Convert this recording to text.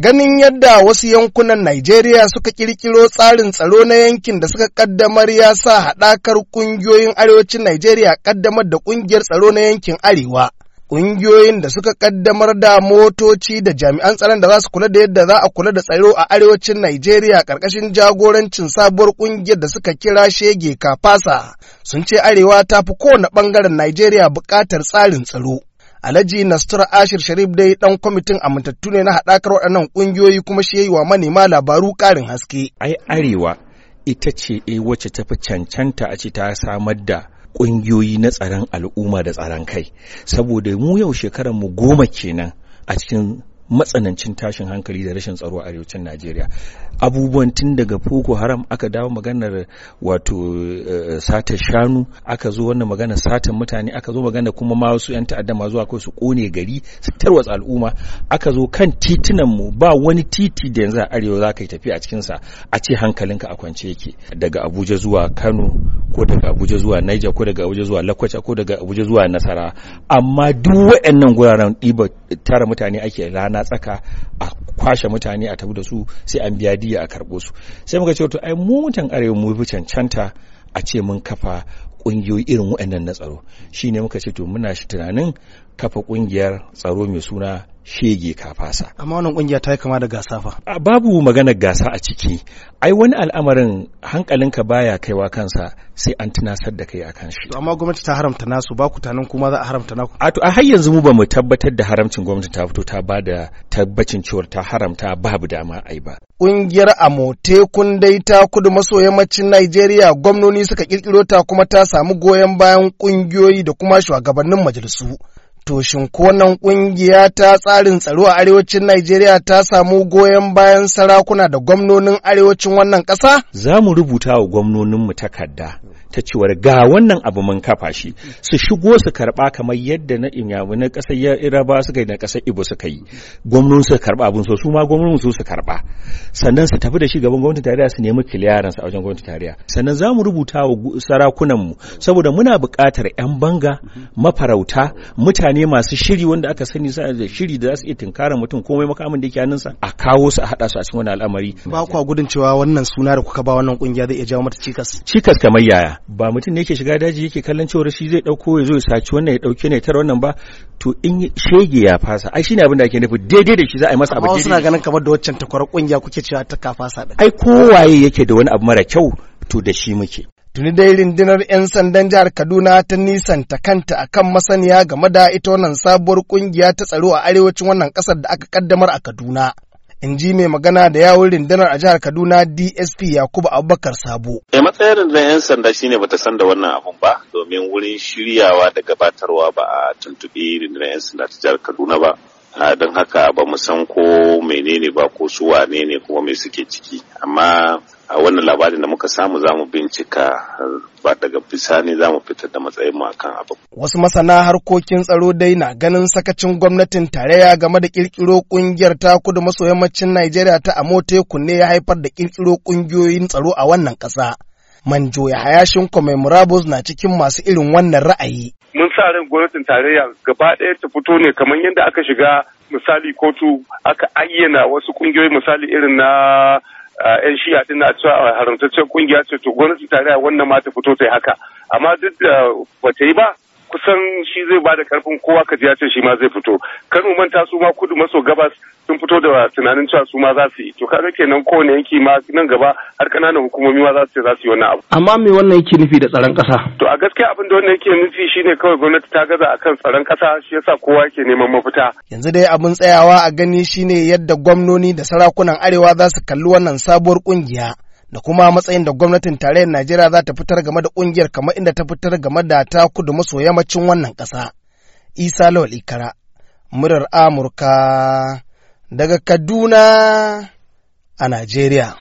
ganin yadda wasu yankunan Najeriya suka kirkiro tsarin tsaro na yankin da suka kaddamar ya sa haɗakar ƙungiyoyin arewacin Najeriya kaddamar da ƙungiyar tsaro na yankin arewa. Ƙungiyoyin da suka kaddamar da motoci da jami'an tsaron da za su kula da yadda za a kula da tsaro a arewacin Najeriya ƙarƙashin jagorancin sabuwar ƙungiyar da suka kira shege kafasa sun ce arewa ta fi kowane ɓangaren Najeriya buƙatar tsarin tsaro. Alhaji Nastura Ashir Sharif dai dan kwamitin amintattu ne na haɗakar waɗannan ƙungiyoyi kuma shi yi wa manema labaru ƙarin haske. Ai arewa ita ce e wacce fi cancanta a ce ta samar da ƙungiyoyi na tsaron al'umma da tsaron kai saboda mu yau shekarar mu goma kenan a cikin matsanancin tashin hankali da rashin tsaro a arewacin najeriya abubuwan tun daga boko haram aka dawo maganar wato eh, eh, sata shanu aka zo wannan magana satan mutane aka zo magana kuma ma wasu yan ta'adda ma zuwa kai su kone gari su tarwatsa al'umma aka zo kan titunan mu ba wani titi da yanzu a arewa za ka yi a cikin sa a ce hankalinka a kwance yake daga abuja zuwa kano ko daga abuja zuwa niger ko daga abuja zuwa lakwacha ko daga abuja zuwa nasara amma duk waɗannan guraren ɗiba tara mutane ake rana na tsaka a kwashe mutane a tafi da su sai an biya diya a karɓo su sai muka ce to ai mu mutan arewa mu bi cancanta a ce mun kafa kungiyoyi irin waɗannan na tsaro shine muka ce to muna shi tunanin kafa kungiyar tsaro mai suna shege ka fasa amma wannan kungiya ta yi kama da gasa fa babu maganar gasa a ciki ai wani al'amarin hankalinka baya kaiwa kansa sai an tunasar da kai akan shi amma gwamnati ta haramta nasu ba ku tanan kuma za a haramta naku a to a har yanzu mu ba mu tabbatar da haramcin gwamnati ta fito ta ba da tabbacin cewa ta haramta babu dama ai ba kungiyar amote kun ta kudu maso yammacin Najeriya gwamnoni suka kirkiro ta kuma ta samu goyon bayan kungiyoyi da kuma shugabannin majalisu To shin konan kungiya ta tsarin tsaro a arewacin Najeriya ta samu goyon bayan sarakuna da gwamnonin arewacin wannan ƙasa? Za mu rubuta wa gwamnoninmu takarda ta cewar ga wannan abu mun kafa shi su shigo su karba kamar yadda na inyamu na kasar iraba suka yi na kasar ibo suka yi gwamnonin su karba abun so su ma gwamnonin su su karba sannan su tafi da shi gaban gwamnatin tarayya su nemi kiliyaran a wajen gwamnatin tarayya sannan za mu rubuta wa sarakunan mu saboda muna buƙatar yan banga mafarauta mutane masu shiri wanda aka sani sa da shiri da za su iya tinkara mutum komai makamin da yake hannunsa a kawo su a hada su a cikin wani al'amari ba kwa gudun cewa wannan suna da kuka ba wannan kungiya zai iya jawo mata cikas cikas kamar yaya ba mutum ne yake shiga daji yake kallon cewar shi zai dauko ya zo ya saci wannan ya dauke ne ya tara wannan ba to in shege ya fasa ai shine abin da ake nufi daidai da shi za a yi masa abu daidai suna ganin kamar da waccan takwar kungiya kuke cewa ta ka fasa din ai kowaye yake da wani abu mara kyau to da shi muke tuni dai rundunar 'yan sandan jihar kaduna ta nisanta kanta akan masaniya game da ita wannan sabuwar kungiya ta tsaro a arewacin wannan kasar da aka kaddamar a kaduna in ji mai magana da yawun rundunar a jihar Kaduna DSP Yakubu Abubakar Sabo. E matsayin rundunar 'yan sanda shine bata san da wannan abun ba domin wurin shiryawa da gabatarwa ba a tuntuɓi rundunar 'yan sanda ta jihar Kaduna ba. don haka ba mu san ko menene ba ko su wane ne kuma mai suke ciki amma a wannan labarin da muka samu za mu bincika ba daga bisani za mu fitar da matsayin mu akan abu. Wasu masana harkokin tsaro dai na ganin sakacin gwamnatin tarayya game da kirkiro kungiyar ta kudu maso yammacin Najeriya ta teku kunne ya haifar da kirkiro kungiyoyin tsaro a wannan ƙasa. Manjo ya hayashin Murabus na cikin masu irin wannan ra'ayi. Mun sa ran gwamnatin tarayya gaba ɗaya ta fito ne kamar yadda aka shiga misali kotu aka ayyana wasu kungiyoyi misali irin na yan shiya din na cewa haramtaccen kungiya ce to gwamnati ta wannan ma ta fito ta yi haka amma duk da bata yi ba kusan shi zai bada karfin kowa ka ya ce shi ma zai fito kan manta su ma kudu maso gabas sun fito da tunanin cewa su ma za su yi to kaga kenan kowane yanki ma nan gaba har kananan hukumomi ma za su ce za su yi wannan abu amma me wannan yake nufi da tsaron kasa to a gaskiya abin da wannan yake nufi shine kawai gwamnati ta gaza akan tsaron kasa shi yasa kowa ke neman mafita yanzu dai abin tsayawa a gani shine yadda gwamnoni da sarakunan arewa za su kalli wannan sabuwar kungiya da kuma matsayin da gwamnatin tarayyar Najeriya za ta fitar game da ƙungiyar kamar inda ta fitar game da ta kudu maso yammacin wannan ƙasa. Isa Lawal Ikara, murar Amurka daga Kaduna a Najeriya.